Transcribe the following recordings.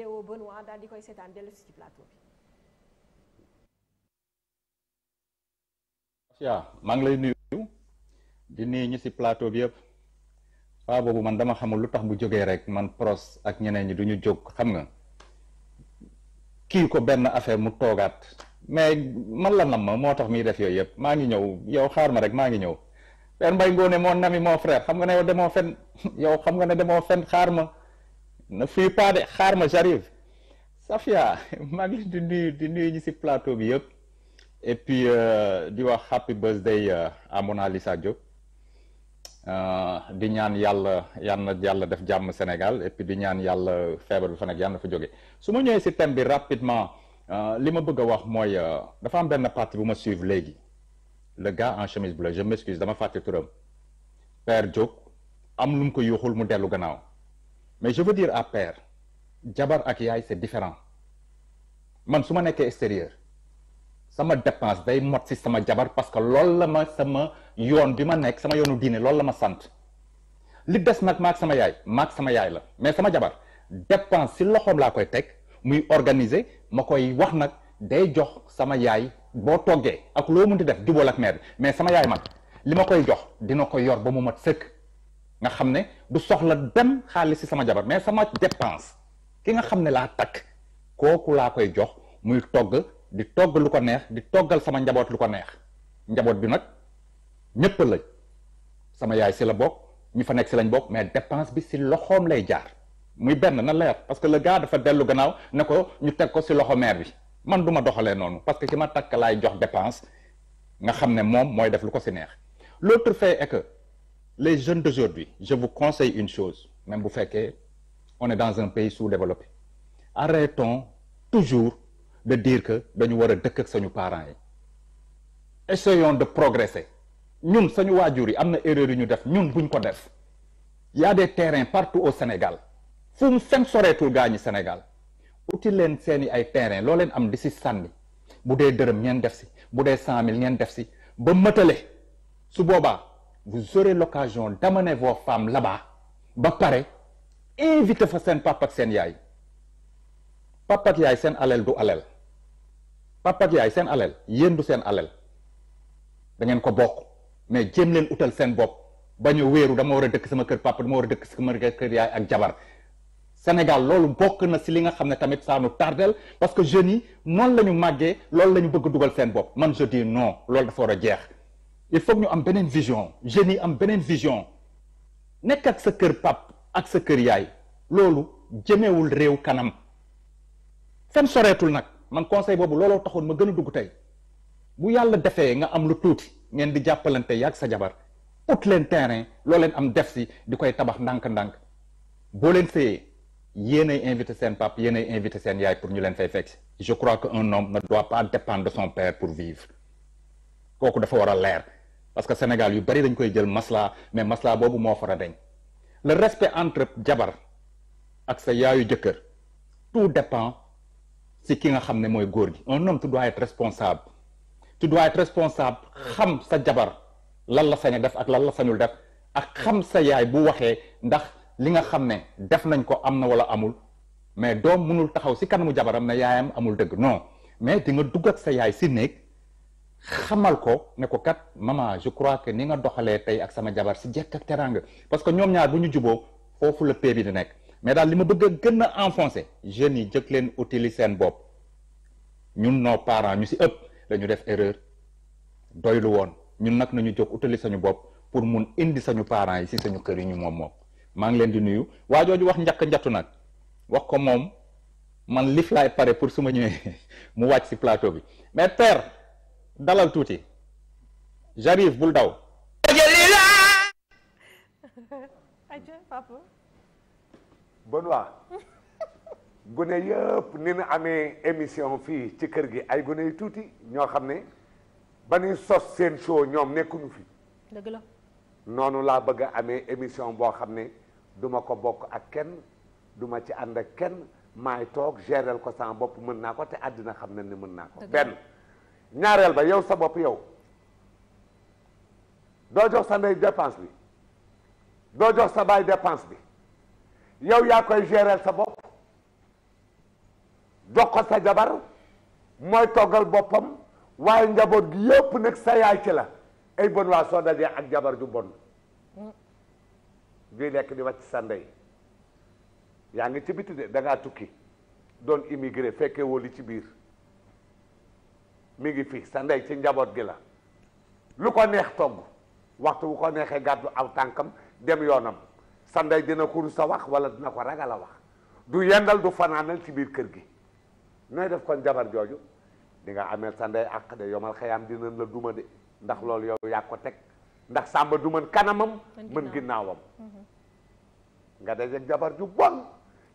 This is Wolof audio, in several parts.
vidéo Benoît daal di koy maa ngi lay nuyu di nuyu ñi si plateau bi yëpp faa boobu man dama xamul lu tax bu jógee rek man pros ak ñeneen ñi du ñu jóg xam nga kii ko benn affaire mu toogaat mais man la nam ma moo tax miy def yooyu yëpp maa ngi ñëw yow xaar ma rek maa ngi ñëw père Mbaye Ngoone moo nami moo frère xam nga ne yow fen yow xam nga ne demoo fen xaar ma ne fuis pas de xaar ma j'arrive Safia maa di nuyu di nuyu ñi ci plateau bi yëpp et puis euh, di wax happy birthday euh, à li Lisa Diop euh, di ñaan yàlla yal na yàlla def jàmm Sénégal et puis di ñaan yàlla feebar bi fa nekk yàlla na fa jóge su ma ñëwee ci thème bi rapidement li ma bëgg a wax mooy dafa am benn partie bu ma suivre léegi le gars en chemise bleue je m'excuse dama fàtte turam Père Diop am lu mu ko yuuxul mu dellu gannaaw mais je veux dire à jabar ak yaay c'est différent man su ma nekkee extérieur sama dépense day mot si sama jabar parce que loolu la ma sama yoon bi ma nekk sama yoonu diine loolu la ma sant li des nag maag sama yaay maag sama yaay la mais sama jabar dépense si loxoom laa koy teg muy organiser ma koy wax nag day jox sama yaay boo toggee ak loo mënti def jubóol ak mère mais sama yaay man li ma koy jox dina ko yor ba mu mot sëkk nga xam ne du soxla dem xaalis si sama jabar mais sama dépense ki nga xam ne laa takk kooku laa koy jox muy togg di togg lu ko neex di toggal sama njaboot lu ko neex njaboot bi nag ñépp la sama yaay si la bokk ñu fa nekk si lañ bokk mais dépense bi si loxoom lay jaar muy benn na leer parce que gaa gars dafa dellu gannaaw ne ko ñu teg ko si loxo mère bi man du ma doxalee noonu parce que ki ma takk laay jox dépense nga xam ne moom mooy def lu ko si neex les jeunes d'aujourd'hui je vous conseille une chose même bu fekkee on est dans un pays sous-développé arrêtons toujours de dire que dañu war a dëkk ak suñu parents yi essayons de progresser ñun suñu waajur yi am na erreur yu ñu def ñun buñ ko def y a des terrains partout au Sénégal fu mu fen soreetul gaa ñi Sénégal uti leen seeni ay terrain loo leen am di si sànni bu dee dërëm ngeen def si bu dee cent mille ngeen def si ba mëtale su boobaa vous aurez l'occasion dama ne femmes là-bas ba pare invité fa seen papa ak seen yaay papa yaay seen aleel du alal papa ak yaay seen alal yéen du seen alal dañeen ko bokk mais jéem leen utal seen bopp bañ a wéeru dama war a dëkk sama kër papa dama war a dëkk sama kër yaay ak jabar Sénégal loolu bokk na si li nga xam ne tamit saanu tardel parce que jeunes yi noonu la ñu màggee loolu la ñu bëgg dugal seen bopp man je dis non loolu dafa war a jeex il faut ñu am beneen vision jeunes yi am beneen vision nekk ak sa kër pap ak sa kër yaay loolu jëmewul réew kanam fenn soreetul nag man conseil boobu looloo taxoon ma gën a dugg tey bu yàlla defee nga am lu tuuti ngeen di jàppalante yaag sa jabar ut leen terrain loo leen am def si di koy tabax ndànk-ndànk boo leen sëyee yéenay invité seen pap yéenay invité seen yaay pour ñu leen fay fekk je crois que un homme ne doit pas dépendre de son père pour vivre kooku dafa war a leer parce que Sénégal yu bari dañ koy jël maslaa mais maslaa boobu moo fara deñ le respect entre jabar ak sa yaayu jëkkër tout dépend si ki nga xam ne mooy góor gi un homme tu dois être responsable tu dois être responsable xam sa jabar lan la sañ def ak lan la sañul def ak xam sa yaay bu waxee ndax li nga xam ne def nañ ko am na wala amul mais doom mënul taxaw si kanamu jabaram ne yaayam amul dëgg non mais di nga dugg ak sa yaay si néeg xamal ko ne ko kat maman je crois que ni nga doxalee tey ak sama jabar si jekk ak teraanga parce que ñoom ñaar bu ñu juboo foofu la paix bi di nekk mais daal li ma bëgg gën a enfoncé jeunes yi jëkk leen utili seen bopp ñun noo parent ñu si ëpp dañu def erreur doylu woon ñun nag nañu jóg utili sañu bopp pour mun indi sañu parents yi si sañu kër yi ñu moom moom maa ngi leen di nuyu waa jooju wax njàkk njattu nag wax ko moom man lif laay pare pour su ma ñëwee mu wàcc si plateau bi dalal tuuti j'arrive bul daw Benoît gune yëpp ni nu amee émission fii ci kër gi ay gune yu tuuti ñoo xam ne ba ñuy sos seen show ñoom nekkuñu fi noonu laa bëgg a amee émission boo xam ne duma ko bokk ak kenn duma ci ànd ak kenn maay toog géral ko sama bopp mën naa ko te àddina xam na ne mën naa ko benn ñaareel ba yow sa bopp yow doo jox sa ndey dépense bi doo jox sa baay dépense bi yow yaa koy gérer sa bopp jox ko sa jabar mooy toggal boppam waaye njaboot gi yépp nekk sa yaay ci la ay bon waa soo dajee ak jabar ju bon bii nekk di wàcc sa ndey yaa ngi ci biti de da tukki doon immigré fekkee woo li ci biir mi ngi fii sa ndey ci njaboot gi la lu ko neex togg waxtu bu ko neexee gàddu aw tànkam dem yoonam sa ndey dina ko rus a wax wala dina ko ragal a wax du yendal du fanaanal ci biir kër gi nooy def koon jabar jooju di nga ameel sa ndey àq de yomal xëyaam dinañ la duma de ndax loolu yow yaa ko teg ndax sàmba du mën kanamam mën ginnaawam mhm. nga dajeeg jabar ju bon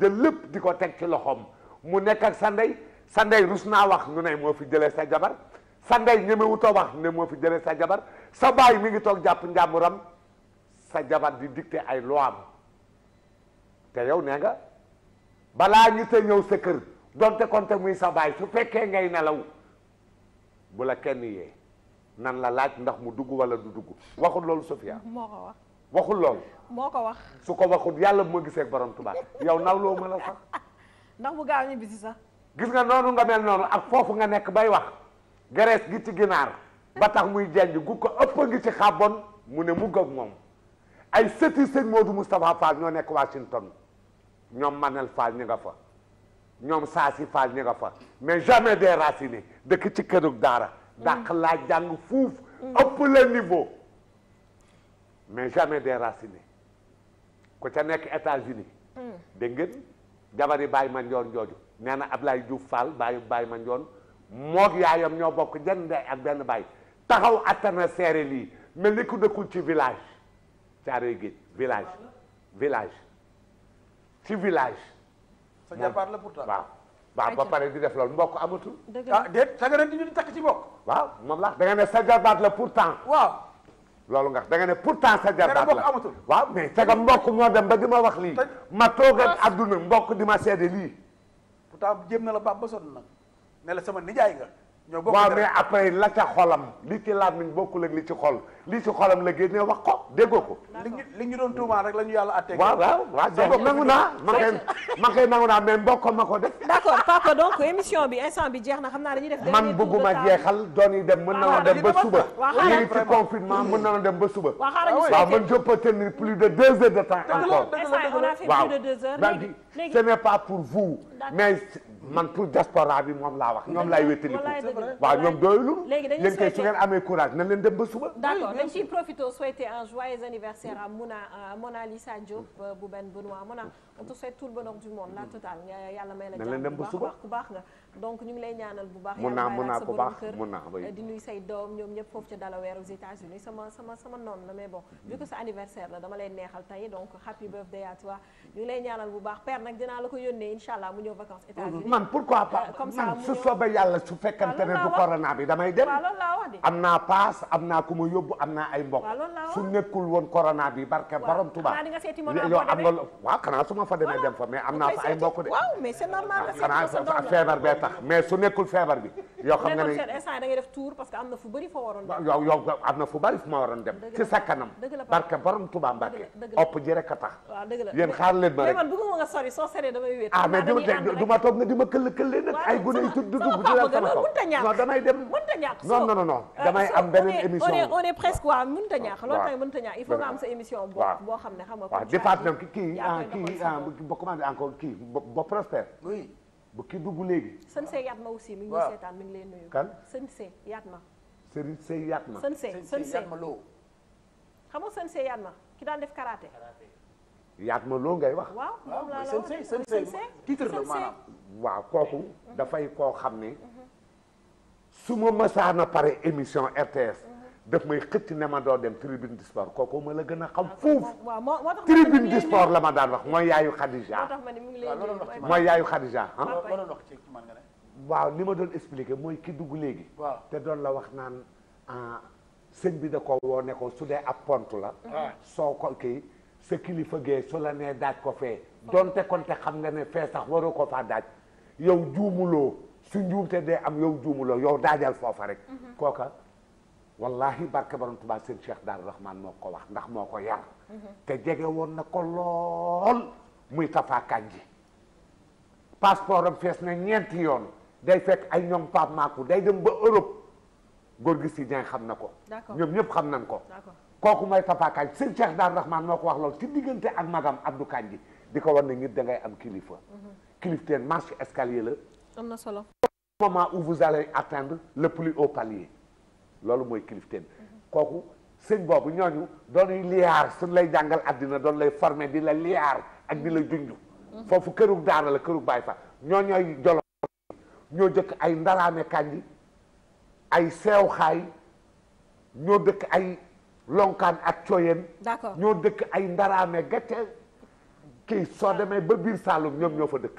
jël lépp di ko teg ci loxoom mu nekk ak sa ndey sa ndey rus naa wax nu ne moo fi jëlee sa jabar sa ndey ñemewuta wax ne moo fi jële sa jabar sa baay mi ngi toog jàpp njàmburam sa jabar di dicté ay loam te yow nee nga balaa ñu te ñëw sa kër donte konte muy sa baay su fekkee ngay nelaw bu la kenn yee nan la laaj ndax mu dugg wala du dugg waxul loolu Sofia moo ko wax waxul loolu moo ko wax su ko waxul yàlla bu ma gisee borom tubaab yow nawloo ma la sax ndax mu gaaw ñibbisi sax gis nga noonu nga mel noonu ak foofu nga nekk bay wax gerees gi ci ginaar ba tax muy jenj gu ko ëpp ngi ci xàbbon mu ne mu gëg moom ay sëti sëñ Modou Moustapha Fall ñoo nekk Washington ñoom Manel Fall ñi nga fa ñoom Saasi Fall ñi nga fa mais jamais déraciné dëkk ci kërug daara dàq mm. laaj jàng fuuf mm. ëpp le niveau mais jamais déraciné ku ca nekk États-Unis mm. dégg ngeen jabari bàyyi ma njoon jooju nee na Ablaye Diouf Fall bàyyi bàyyi ma njoon moog yaayam ñoo bokk jenn ak benn baay taxaw attana seere lii mel ni ku dëkkul ci village car Géej village village ci village sa jàppaar la pourtant waaw waaw ba di def loolu mbokk amatul ah nga nen di ci mbokk waaw la da nga ne sa jarbaat la pourtant waaw sa jarbaat la amatul moo dem ba di ma lii ma toog ak adduna mbokk di ma seede lii pourtant jéem na la baax ba sonn nag la sama nijaay nga waaw mais après la ca xolam li ci làmmiñ bokkul ak li ci xol li ci xolam la génnee wax ko ko. li ñu doon tuumaan ñu yàlla àtteeg. waaw waaw waaw donc nangu naa ma koy ma koy nangu ma ko def. d'accord papa donc émission bi instant bi jeex na xam naa dañuy def. man bëgguma jeexal doon yi dem mën na ah, dem ba suba. waaw ci confinement mën na dem ba suba. waaw xaaral waaw man je peux plus de deux heures de temps. encore waaw dëgg la dëgg ce n'est pas pour vous mais man pour diaspora bi moom laa wax ñoom laay wéttaliku waaw ñoom doyulu yéen kay su ngeen amee courage na leen dem ba suba d'accord dañ ciy profité souhaiter un joyeux anniversaire à Mona Mona Lisa Diop euh, bu benn Benoît Mona on te souhaite tout le bonheur du monde la totale yàlla may la jàmm ku baax nga donc ñu ngi lay ñaanal bu baax. mun naa bu baax mun naa oui di nuyu say doom ñoom ñëpp foofu ca Delaware aux États-Unis sama sama sama noonu la mais bon. vu sa anniversaire la dama lay neexal tey donc happy birthday à toi ñu ngi lay ñaanal bu baax père nag dinaa la ko yónnee incha allah mu ñëw vacances États-Unis. man pourquoi pas euh, man su soobee yàlla su fekkante ne du corona bi damay dem. am naa paas am naa ku ma yóbbu am naa ay mbokk. waaw su nekkul woon corona bi barke borom Tuubaa. waaw xanaa di nga a yow am nga su ma fa demee dem fa mais am naa ay mbokk de. waaw mais c'est normal tax mais su nekkul feebar bi. yoo xam nga ne instant def tour parce que am na fu bëri fa waroon dem. yow yow am ci sa barke borom Touba Mbacke. opp ji rek a tax. waaw xaar leen ma rek. nga sori soo seree damay wéet. ah mais du toog nga di ma këll këllee nag. ay gune yu tudd dugg di la a ñàkk non non non euh, damay am beneen émission. on est on est presque waaw mënut a ñàkk. waaw loolu tamit mënut a ñàkk il faut nga am sa émission. boo xam ne xam nga. waaw dépassé ah, kii ah, kii ba ki dugg léegi. sën yaat ma aussi mi ngi ñuy seetaan mi ngi lay nuyu. kan sën see Yatma. sën see Yatma. sën see sën see Yatma loo. xam nga sën yaat Yatma ki daan def karaté. Yatma loo ngay wax. waaw moom laa la wax sën see sën see titre la waaw kooku mhm. dafay koo xam ne. Mhm. su ma mësaan a pare émission RTS. daf may xëcc ne ma doo dem tribune du sport kooku ma la gën a xam ah, foofu tribune du la ma daan wax mooy yaayu Khadija mooy yaayu Khadija ah waaw ni ma doon expliqué mooy ki dugg léegi te doon la wax naan ah, sëñ bi da ko woo ne ko su dee ab pont la soo ko kii sa kilifa gee su la nee daaj ko fee te konte xam nga ne fee sax waroo ko faa daaj yow juumuloo su njuumte dee am yow juumuloo yow daajal foofa rek mhm. kooka wallahi barke borom Tuubaa seen Cheikh Daaru Rahman moo ko wax ndax moo ko yar te jege woon na ko lool muy tafaakan ji passeport am fees na ñeenti yoon day fekk ay ñoom Pape Makou day dem ba Europe góor gi si Dieng xam na ko ñoom ñëpp xam nañ ko kooku mooy tafaakan ji seen Cheikh Daaru Rahman moo ko wax lool ci diggante ak magam Abdou Kandji di ko war ne nit da ngay am kilifa mhm. kilifteen marche escalier la am na solo moment où vous allez atteindre loolu mooy kilifteen kooku sëñ boobu ñooñu doonuy liyaar suñ lay jàngal àddina doon lay formé di la liyaar ak di la junj foofu kërug daara la kërug baay fa ñoo ñooy jolo ñoo jëkk ay ndaraame kànji ay seew xaay ñoo dëkk ay lonkaan ak cooyeen ñoo dëkk ay ndaraame gàcce kii soo demee ba biir Saalum ñoom ñoo fa dëkk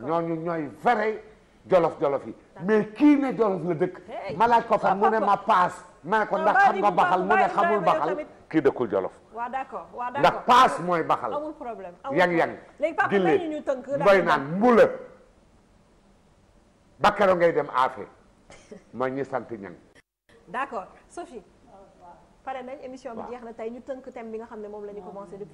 ñooñu ñooy vrai jolof jolof yi mais kii ne jolof la dëkk ma laaj ko fan mu ne ma paas ma ne ko ndax xam nga baxal mu ne xamul baxal kii dëkkul jolof waaw d'accord waaw d'accord ndax paas mooy baxal amul problème yang-yang gillee mboy naan mbula bakkero ngay dem aafe ma ñi sant ñang d'accord Sophie pare nañ émission bi jeex na tey ñu tënk thème bi nga xam ne moom la ñu commencé depuis